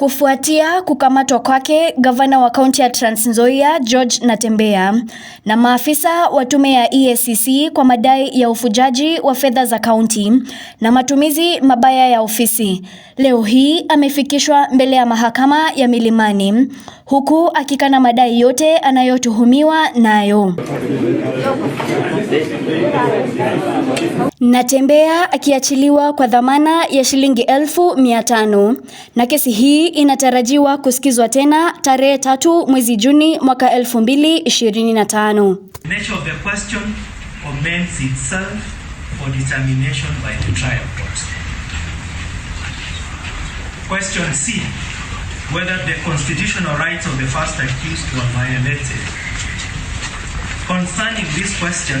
Kufuatia kukamatwa kwake, gavana wa kaunti ya Trans Nzoia George Natembeya na maafisa wa tume ya EACC kwa madai ya ufujaji wa fedha za kaunti na matumizi mabaya ya ofisi, leo hii amefikishwa mbele ya mahakama ya Milimani huku akikana madai yote anayotuhumiwa nayo. Natembeya akiachiliwa kwa dhamana ya shilingi elfu mia tano na kesi hii inatarajiwa kusikizwa tena tarehe tatu mwezi Juni mwaka 2025. Nature whether the constitutional rights of the first accused were violated. Concerning this question,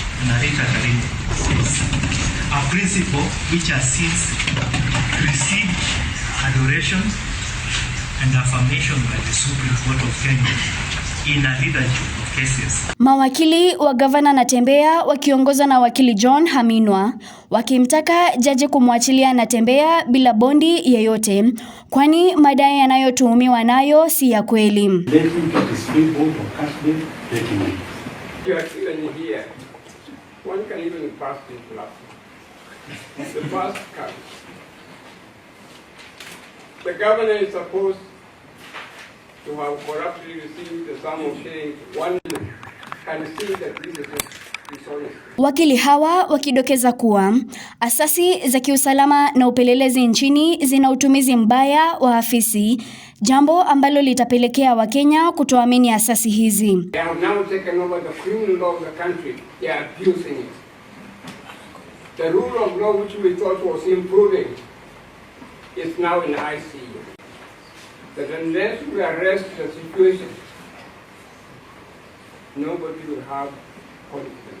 inaitwa karibu a principle which since received adoration and affirmation by the Supreme Court of Kenya in a leadership of cases. Mawakili wa gavana Natembeya wakiongozwa na wakili John Haminwa wakimtaka jaji kumwachilia Natembeya bila bondi yeyote, kwani madai yanayotuhumiwa nayo si ya kweli. One can even pass in last. the past comes. The governor is supposed to have corruptly received the sum of say one can see that this is Wakili hawa wakidokeza kuwa asasi za kiusalama na upelelezi nchini zina utumizi mbaya wa afisi, jambo ambalo litapelekea Wakenya kutoamini asasi hizi. Nobody will have confidence.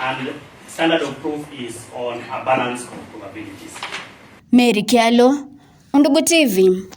and standard of proof is on a balance of probabilities. Mary Kyalo, Undugu TV.